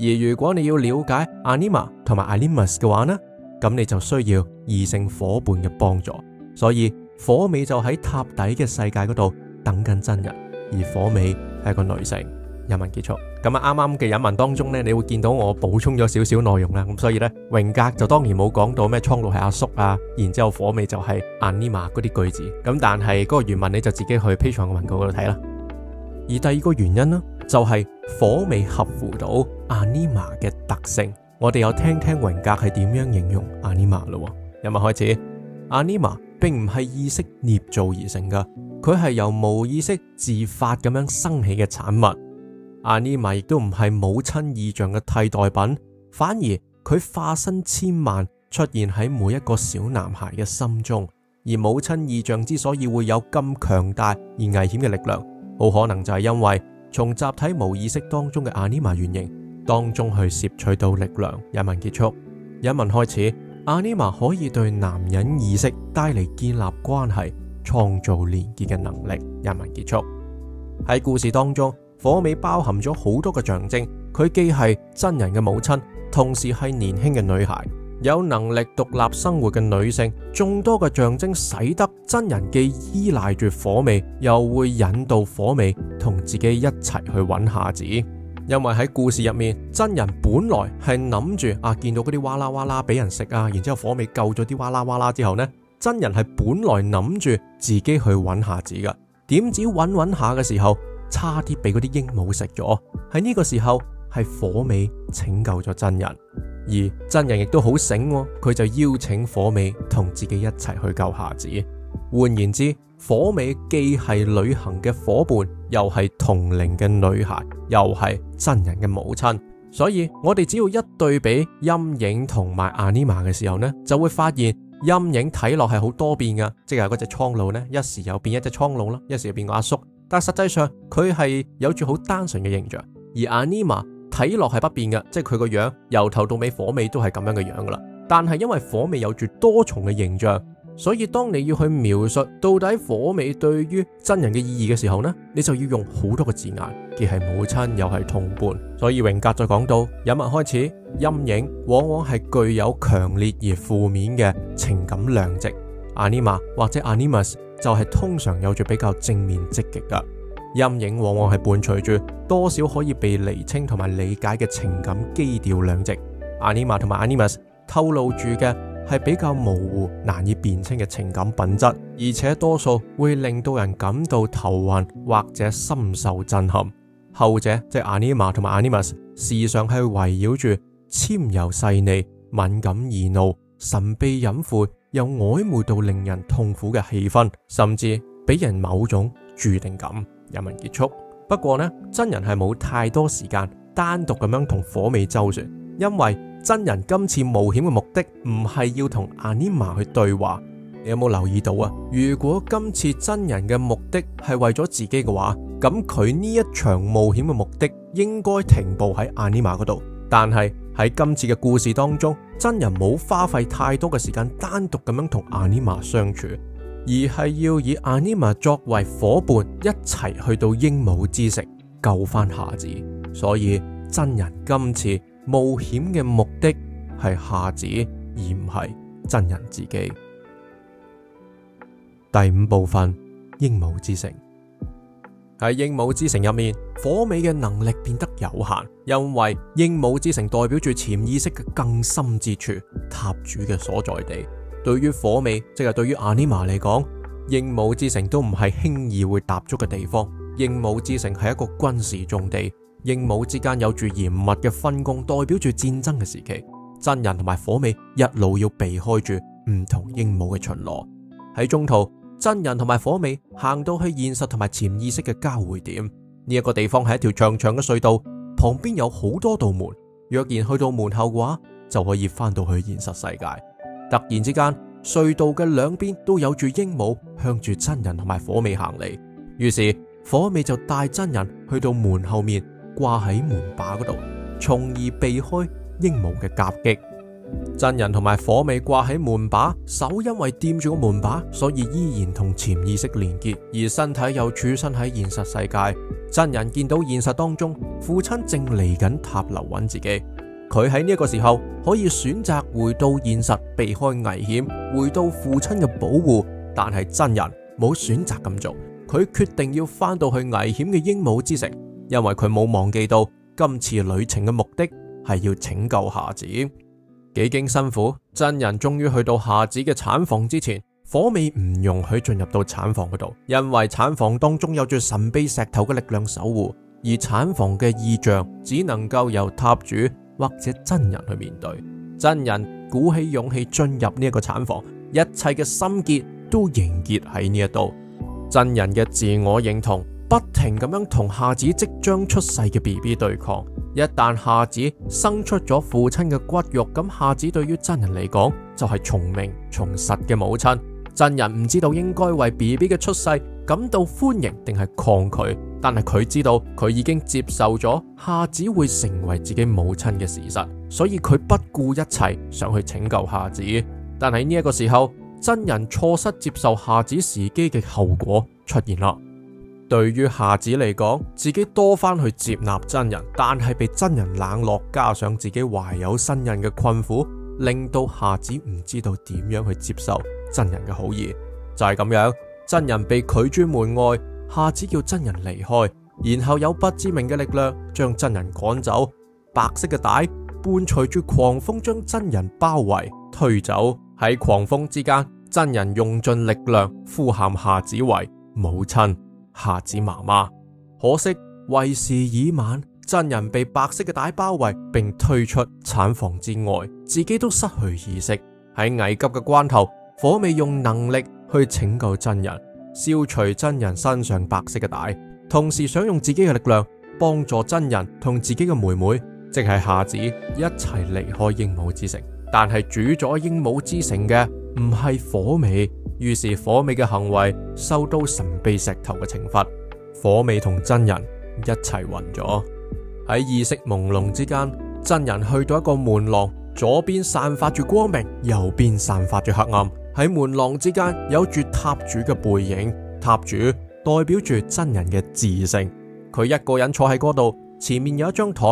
而如果你要了解 Anima 同埋 Animus 嘅話呢？咁你就需要異性夥伴嘅幫助，所以火美就喺塔底嘅世界嗰度等緊真人，而火美係個女性。引文結束。咁啊，啱啱嘅引文當中呢，你會見到我補充咗少少內容啦。咁所以呢，榮格就當然冇講到咩蒼鷺係阿叔啊，然之後火美就係阿尼瑪嗰啲句子。咁但係嗰個原文你就自己去 Patreon 嘅文稿嗰度睇啦。而第二個原因呢，就係、是、火美合乎到 Anima」嘅特性。我哋又聽聽榮格係點樣形容 Anima 啦，今日開始，Anima 並唔係意識捏造而成噶，佢係由無意識自發咁樣生起嘅產物。Anima 亦都唔係母親意象嘅替代品，反而佢化身千萬出現喺每一個小男孩嘅心中。而母親意象之所以會有咁強大而危險嘅力量，好可能就係因為從集體無意識當中嘅 Anima 原型。當中去攝取到力量。引文結束，引文開始，阿尼瑪可以對男人意識帶嚟，建立關係、創造連結嘅能力。引文結束，喺故事當中，火美包含咗好多嘅象徵，佢既係真人嘅母親，同時係年輕嘅女孩，有能力獨立生活嘅女性。眾多嘅象徵使得真人既依賴住火美，又會引導火美同自己一齊去揾夏子。因為喺故事入面，真人本來係諗住啊，見到嗰啲哇啦哇啦俾人食啊，然之後火美救咗啲哇啦哇啦之後呢，真人係本來諗住自己去揾下子嘅，點知揾揾下嘅時候差啲俾嗰啲鸚鵡食咗，喺呢個時候係火美拯救咗真人，而真人亦都好醒喎，佢就邀請火美同自己一齊去救下子。換言之，火美既係旅行嘅夥伴，又係同齡嘅女孩，又係真人嘅母親，所以我哋只要一對比陰影同埋 Anima 嘅時候呢，就會發現陰影睇落係好多變噶即係嗰隻蒼鷺呢，一時又變一隻蒼鷺啦，一時又變個阿叔，但係實際上佢係有住好單純嘅形象，而 Anima 睇落係不變噶即係佢個樣由頭到尾火美都係咁樣嘅樣噶啦，但係因為火美有住多重嘅形象。所以當你要去描述到底火美對於真人嘅意義嘅時候呢，你就要用好多個字眼，既係母親又係同伴。所以榮格就講到，人物開始陰影往往係具有強烈而負面嘅情感量值，anima 或者 animus 就係通常有着比較正面積極嘅。陰影往往係伴隨住多少可以被釐清同埋理解嘅情感基調量值，anima 同埋 animus 透露住嘅。係比較模糊、難以辨清嘅情感品質，而且多數會令到人感到頭暈或者深受震撼。後者即係、就是、Anima 同埋 Animus，時常係圍繞住纖柔細膩、敏感易怒、神秘隱晦又曖昧到令人痛苦嘅氣氛，甚至俾人某種注定感。有人民結束，不過呢真人係冇太多時間單獨咁樣同火味周旋，因為。真人今次冒險嘅目的唔係要同 Anima 去對話，你有冇留意到啊？如果今次真人嘅目的係為咗自己嘅話，咁佢呢一場冒險嘅目的應該停步喺 Anima 嗰度。但係喺今次嘅故事當中，真人冇花費太多嘅時間單獨咁樣同 Anima 相處，而係要以 Anima 作為夥伴一齊去到鸚鵡之城救翻夏子。所以真人今次。冒險嘅目的係夏子，而唔係真人自己。第五部分，鸚鵡之城。喺鸚鵡之城入面，火美嘅能力變得有限，因為鸚鵡之城代表住潛意識嘅更深之處，塔主嘅所在地。對於火美，即係對於阿尼瑪嚟講，鸚鵡之城都唔係輕易會踏足嘅地方。鸚鵡之城係一個軍事重地。鸚鵡之間有住嚴密嘅分工，代表住戰爭嘅時期。真人同埋火美一路要避開住唔同鸚鵡嘅巡邏。喺中途，真人同埋火美行到去現實同埋潛意識嘅交匯點。呢一個地方係一條長長嘅隧道，旁邊有好多道門。若然去到門後嘅話，就可以返到去現實世界。突然之間，隧道嘅兩邊都有住鸚鵡向住真人同埋火美行嚟。於是火美就帶真人去到門後面。掛喺門把嗰度，從而避開鸚鵡嘅夾擊。真人同埋火尾掛喺門把，手因為掂住個門把，所以依然同潛意識連結，而身體又處身喺現實世界。真人見到現實當中父親正嚟緊塔樓搵自己，佢喺呢一個時候可以選擇回到現實避開危險，回到父親嘅保護，但係真人冇選擇咁做，佢決定要返到去危險嘅鸚鵡之城。因為佢冇忘記到今次旅程嘅目的係要拯救夏子。幾經辛苦，真人終於去到夏子嘅產房之前。火美唔容許進入到產房嗰度，因為產房當中有住神秘石頭嘅力量守護，而產房嘅意象只能夠由塔主或者真人去面對。真人鼓起勇氣進入呢一個產房，一切嘅心結都凝結喺呢一度。真人嘅自我認同，不停咁樣同夏子即將出世嘅 B B 對抗。一旦夏子生出咗父親嘅骨肉，咁夏子對於真人嚟講就係從名從實嘅母親。真人唔知道應該為 B B 嘅出世感到歡迎定係抗拒，但係佢知道佢已經接受咗夏子會成為自己母親嘅事實，所以佢不顧一切想去拯救夏子。但喺呢一個時候，真人錯失接受夏子時機嘅後果出現啦。對於夏子嚟講，自己多番去接納真人，但係被真人冷落，加上自己懷有身孕嘅困苦，令到夏子唔知道點樣去接受真人嘅好意。就係、是、咁樣，真人被拒諸門外，夏子叫真人離開，然後有不知名嘅力量將真人趕走。白色嘅帶伴隨住狂風，將真人包圍推走。喺狂風之間，真人用盡力量呼喊夏子為母親。夏子媽媽，可惜為時已晚，真人被白色嘅帶包圍，並推出產房之外，自己都失去意識。喺危急嘅關頭，火美用能力去拯救真人，消除真人身上白色嘅帶，同時想用自己嘅力量幫助真人同自己嘅妹妹，即係夏子一齊離開鸚鵡之城。但係主宰鸚鵡之城嘅唔係火美。於是火美嘅行為收到神秘石頭嘅懲罰。火美同真人一齊暈咗。喺意識朦朧之間，真人去到一個門廊，左邊散發住光明，右邊散發住黑暗。喺門廊之間有住塔主嘅背影，塔主代表住真人嘅自性。佢一個人坐喺嗰度，前面有一張台，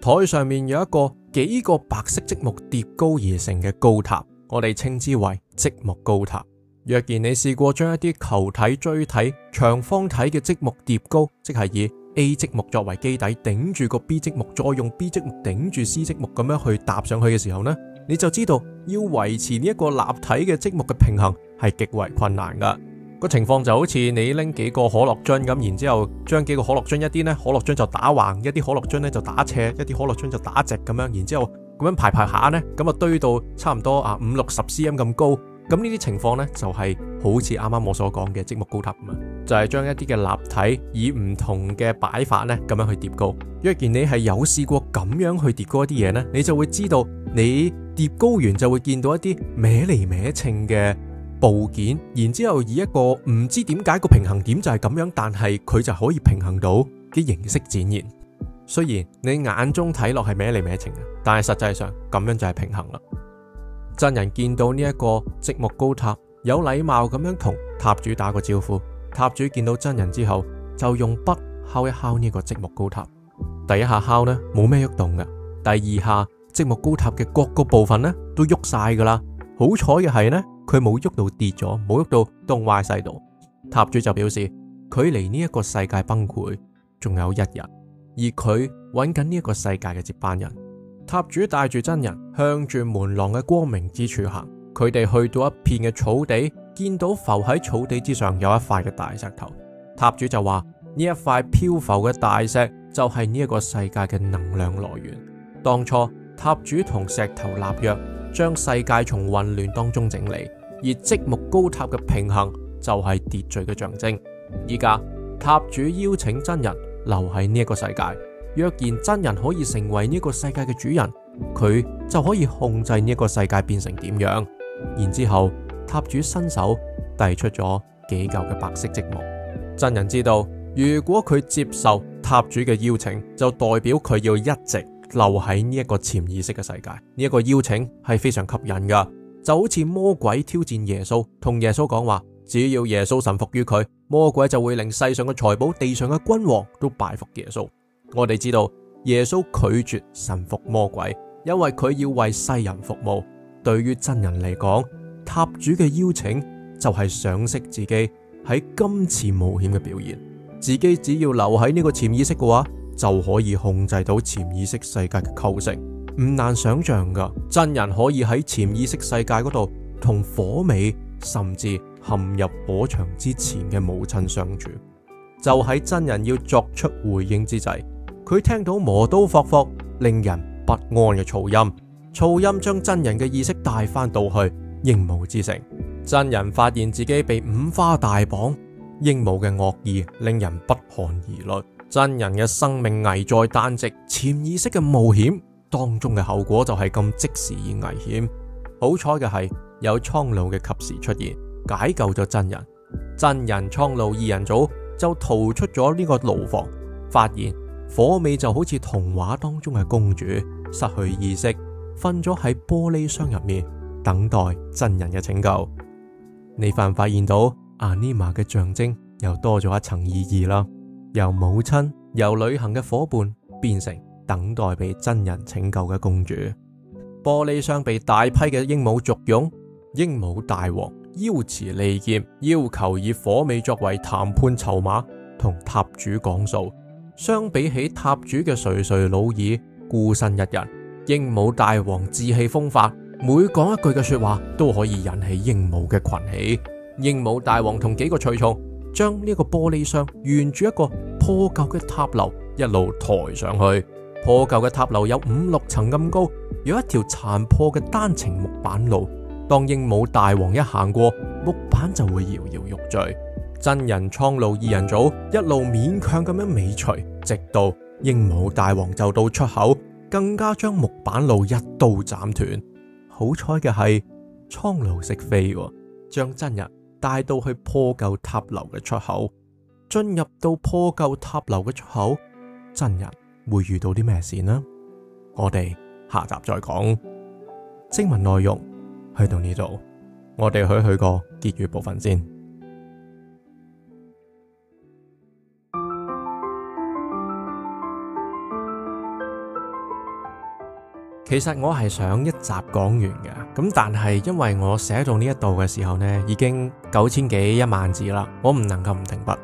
台上面有一個幾個白色積木疊高而成嘅高塔，我哋稱之為積木高塔。若然你試過將一啲球體、錐體、長方體嘅積木疊高，即係以 A 積木作為基底頂住個 B 積木，再用 B 積木頂住 C 積木咁樣去搭上去嘅時候呢，你就知道要維持呢一個立體嘅積木嘅平衡係極為困難噶。個情況就好似你拎幾個可樂樽咁，然之後將幾個可樂樽一啲呢，可樂樽就打橫，一啲可樂樽呢就打斜，一啲可樂樽就打直咁樣，然之後咁樣排排下呢，咁啊堆到差唔多啊五六十 cm 咁高。咁呢啲情況呢，就係好似啱啱我所講嘅積木高塔啊，就係將一啲嘅立體以唔同嘅擺法呢咁樣去疊高。若然你係有試過咁樣去疊高一啲嘢呢，你就會知道你疊高完就會見到一啲歪嚟歪稱嘅部件，然之後以一個唔知點解個平衡點就係咁樣，但係佢就可以平衡到嘅形式展現。雖然你眼中睇落係歪嚟歪稱，但係實際上咁樣就係平衡啦。真人見到呢一個積木高塔，有禮貌咁樣同塔主打個招呼。塔主見到真人之後，就用筆敲一敲呢個積木高塔。第一下敲呢，冇咩喐動噶。第二下，積木高塔嘅各個部分呢，都喐晒噶啦。好彩嘅係呢，佢冇喐到跌咗，冇喐到凍壞晒度。塔主就表示，距離呢一個世界崩潰，仲有一日，而佢揾緊呢一個世界嘅接班人。塔主帶住真人向住門廊嘅光明之處行，佢哋去到一片嘅草地，見到浮喺草地之上有一塊嘅大石頭。塔主就話：呢一塊漂浮嘅大石就係呢一個世界嘅能量來源。當初塔主同石頭立約，將世界從混亂當中整理，而積木高塔嘅平衡就係秩序嘅象徵。依家塔主邀請真人留喺呢一個世界。若然真人可以成為呢個世界嘅主人，佢就可以控制呢一個世界變成點樣。然之後塔主伸手遞出咗幾嚿嘅白色積木。真人知道，如果佢接受塔主嘅邀請，就代表佢要一直留喺呢一個潛意識嘅世界。呢一個邀請係非常吸引噶，就好似魔鬼挑戰耶穌，同耶穌講話，只要耶穌臣服於佢，魔鬼就會令世上嘅財寶、地上嘅君王都拜服耶穌。我哋知道耶穌拒絕臣服魔鬼，因為佢要為世人服務。對於真人嚟講，塔主嘅邀請就係賞識自己喺今次冒險嘅表現。自己只要留喺呢個潛意識嘅話，就可以控制到潛意識世界嘅構成。唔難想象噶，真人可以喺潛意識世界嗰度同火美甚至陷入火場之前嘅母親相處。就喺真人要作出回應之際。佢聽到磨刀霍霍、令人不安嘅噪音，噪音將真人嘅意識帶翻到去，鸚鵡之城。真人發現自己被五花大綁，鸚鵡嘅惡意令人不寒而栗。真人嘅生命危在旦夕，潛意識嘅冒險當中嘅後果就係咁即時而危險。好彩嘅係有蒼鷺嘅及時出現，解救咗真人。真人、蒼鷺二人組就逃出咗呢個牢房，發現。火美就好似童話當中嘅公主，失去意識，瞓咗喺玻璃箱入面，等待真人嘅拯救。你凡發，發現到阿尼瑪嘅象徵又多咗一層意義啦，由母親，由旅行嘅伙伴，變成等待被真人拯救嘅公主。玻璃箱被大批嘅鸚鵡簇擁，鸚鵡大王腰持利劍，要求以火美作為談判籌碼，同塔主講數。相比起塔主嘅垂垂老矣，孤身一人，鸚鵡大王志氣風發，每講一句嘅說話都可以引起鸚鵡嘅群起。鸚鵡大王同幾個隨從將呢個玻璃箱沿住一個破舊嘅塔樓一路抬上去。破舊嘅塔樓有五六層咁高，有一條殘破嘅單程木板路。當鸚鵡大王一行過，木板就會搖搖欲墜。真人蒼鷺二人組一路勉強咁樣尾隨，直到鸚鵡大王就到出口，更加將木板路一刀斬斷。好彩嘅係蒼鷺識飛哦，將真人帶到去破舊塔樓嘅出口。進入到破舊塔樓嘅出口，真人會遇到啲咩事呢？我哋下集再講。正文內容去到呢度，我哋去去個結語部分先。其實我係想一集講完嘅，咁但係因為我寫到呢一度嘅時候呢，已經九千幾一萬字啦，我唔能夠唔停筆，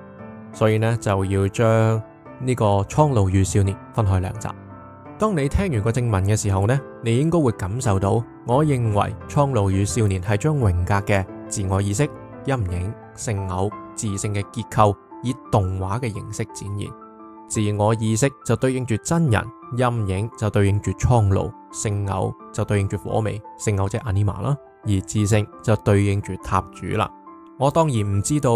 所以呢就要將呢個《蒼鷺與少年》分開兩集。當你聽完個正文嘅時候呢，你應該會感受到，我認為《蒼鷺與少年》係將榮格嘅自我意識、陰影、聖耦、自性嘅結構以動畫嘅形式展現。自我意識就對應住真人，陰影就對應住蒼鷺。聖耦就對應住火味，聖耦即係阿尼瑪啦，而自性就對應住塔主啦。我當然唔知道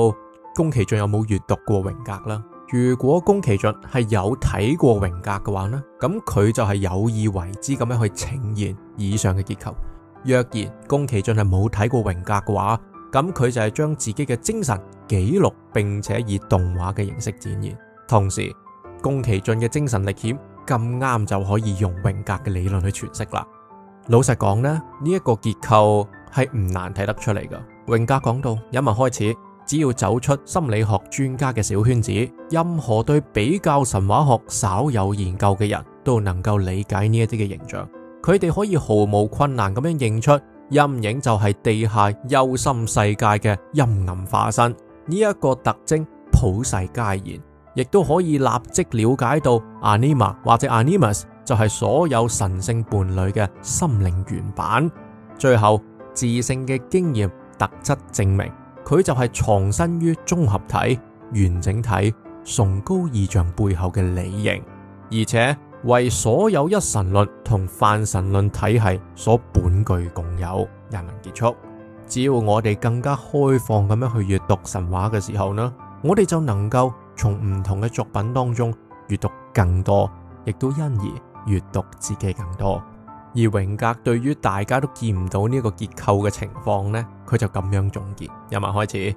宮崎駿有冇閱讀過榮格啦。如果宮崎駿係有睇過榮格嘅話呢，咁佢就係有意為之咁樣去呈現以上嘅結構。若然宮崎駿係冇睇過榮格嘅話，咁佢就係將自己嘅精神記錄並且以動畫嘅形式展現。同時，宮崎駿嘅精神歷險。咁啱就可以用榮格嘅理論去詮釋啦。老實講咧，呢、這、一個結構係唔難睇得出嚟噶。榮格講到，引文開始，只要走出心理學專家嘅小圈子，任何對比較神話學稍有研究嘅人都能夠理解呢一啲嘅形象。佢哋可以毫無困難咁樣認出陰影就係地下幽深世界嘅陰暗化身。呢、這、一個特徵普世皆然。亦都可以立即了解到，anima 或者 animus 就係所有神聖伴侶嘅心靈原版。最後，自性嘅經驗特質證明佢就係藏身於綜合體完整體崇高意象背後嘅理型，而且為所有一神論同泛神論體系所本具共有。引文結束，只要我哋更加開放咁樣去閱讀神話嘅時候呢，我哋就能夠。從唔同嘅作品當中閱讀更多，亦都因而閱讀自己更多。而榮格對於大家都見唔到呢個結構嘅情況呢，佢就咁樣總結：今日開始，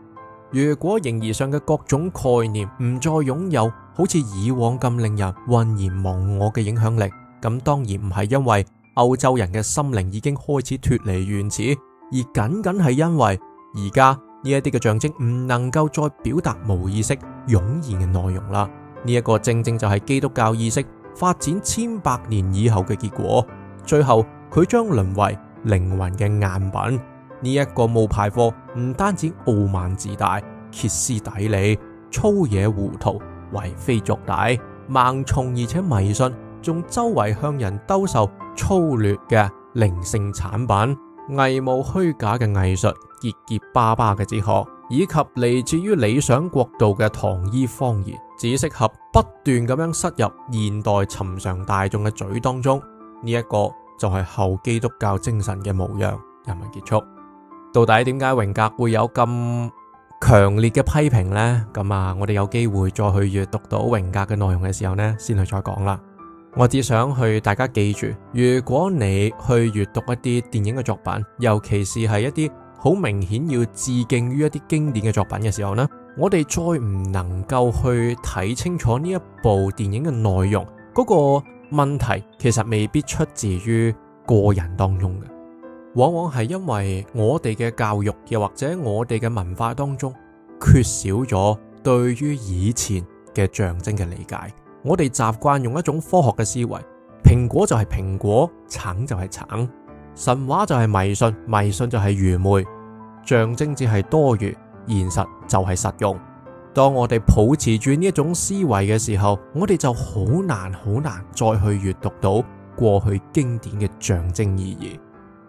如果形而上嘅各種概念唔再擁有好似以往咁令人渾然忘我嘅影響力，咁當然唔係因為歐洲人嘅心靈已經開始脫離原始，而僅僅係因為而家。呢一啲嘅象徵唔能夠再表達無意識湧現嘅內容啦，呢、這、一個正正就係基督教意識發展千百年以後嘅結果，最後佢將淪為靈魂嘅贋品。呢、這、一個冒牌貨唔單止傲慢自大、歇斯底里、粗野糊塗、為非作歹、盲從而且迷信，仲周圍向人兜售粗劣嘅靈性產品。偽冒虛假嘅藝術、結結巴巴嘅哲學，以及嚟自於理想國度嘅唐衣方言，只適合不斷咁樣塞入現代尋常大眾嘅嘴當中。呢、這、一個就係後基督教精神嘅模樣。人民結束，到底點解榮格會有咁強烈嘅批評呢？咁啊，我哋有機會再去閱讀到榮格嘅內容嘅時候呢，先去再講啦。我只想去大家記住，如果你去閱讀一啲電影嘅作品，尤其是係一啲好明顯要致敬於一啲經典嘅作品嘅時候呢，我哋再唔能夠去睇清楚呢一部電影嘅內容，嗰個問題其實未必出自於個人當中嘅，往往係因為我哋嘅教育，又或者我哋嘅文化當中缺少咗對於以前嘅象徵嘅理解。我哋習慣用一種科學嘅思維，蘋果就係蘋果，橙就係橙，神話就係迷信，迷信就係愚昧，象徵只係多餘，現實就係實用。當我哋抱持住呢一種思維嘅時候，我哋就好難好難再去閱讀到過去經典嘅象徵意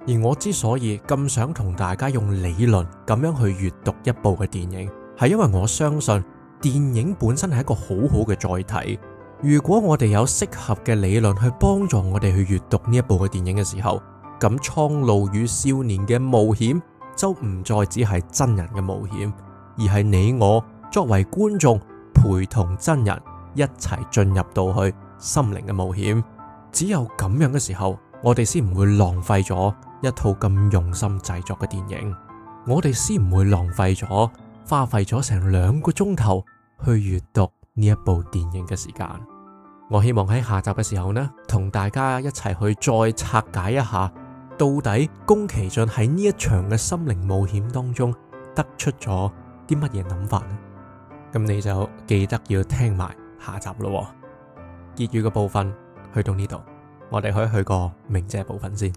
義。而我之所以咁想同大家用理論咁樣去閱讀一部嘅電影，係因為我相信電影本身係一個好好嘅載體。如果我哋有適合嘅理論去幫助我哋去閱讀呢一部嘅電影嘅時候，咁《蒼鷺與少年》嘅冒險就唔再只係真人嘅冒險，而係你我作為觀眾陪同真人一齊進入到去心靈嘅冒險。只有咁樣嘅時候，我哋先唔會浪費咗一套咁用心製作嘅電影，我哋先唔會浪費咗花費咗成兩個鐘頭去閱讀呢一部電影嘅時間，我希望喺下集嘅時候呢，同大家一齊去再拆解一下，到底宮崎駿喺呢一場嘅心靈冒險當中，得出咗啲乜嘢諗法呢？咁你就記得要聽埋下集咯，哦。結語嘅部分去到呢度，我哋可以去個鳴謝部分先。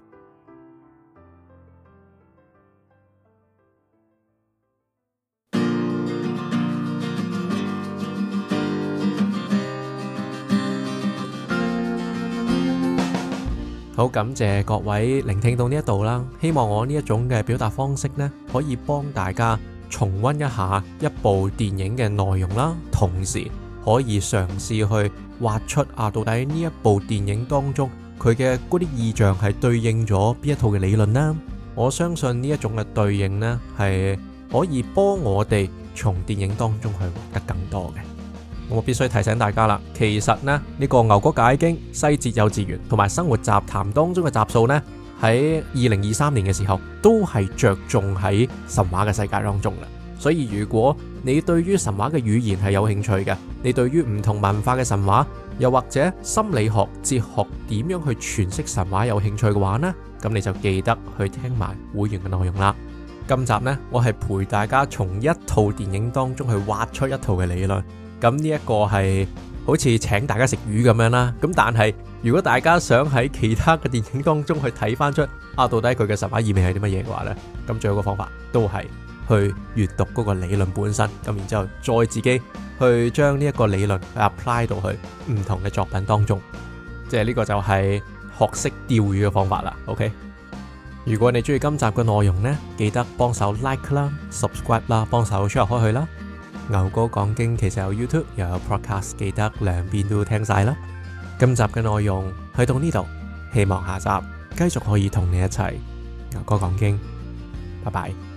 好,感謝,各位聆聽到呢度啦,希望我呢一種嘅表達方式呢,可以幫大家重温一下一部電影嘅內容啦,同時,可以嘗試去畫出啊到底呢一部電影當中,佢嘅嗰啲意象係對應咗邊一套嘅理論啦。我相信呢一種嘅對應呢,係可以幫我哋從電影當中去獲得更多嘅。Well, 我必須提醒大家啦，其實呢呢、呢個《牛哥解經》、《西哲幼稚園》同埋《生活雜談》當中嘅集數呢，喺二零二三年嘅時候都係着重喺神話嘅世界當中嘅。所以如果你對於神話嘅語言係有興趣嘅，你對於唔同文化嘅神話，又或者心理學、哲學點樣去詮釋神話有興趣嘅話呢，咁你就記得去聽埋會員嘅內容啦。今集呢，我係陪大家從一套電影當中去挖出一套嘅理論。咁呢一個係好似請大家食魚咁樣啦，咁但係如果大家想喺其他嘅電影當中去睇翻出啊，到底佢嘅神話意味係啲乜嘢嘅話咧，咁最好嘅方法都係去閱讀嗰個理論本身，咁然之後再自己去將呢一個理論 apply 到去唔同嘅作品當中，即係呢個就係學識釣魚嘅方法啦。OK，如果你中意今集嘅內容咧，記得幫手 like 啦、subscribe 啦、幫手 share 開去啦。牛哥講經其實有 YouTube 又有 Podcast，記得兩邊都聽晒啦。今集嘅內容去到呢度，希望下集繼續可以同你一齊牛哥講經。拜拜。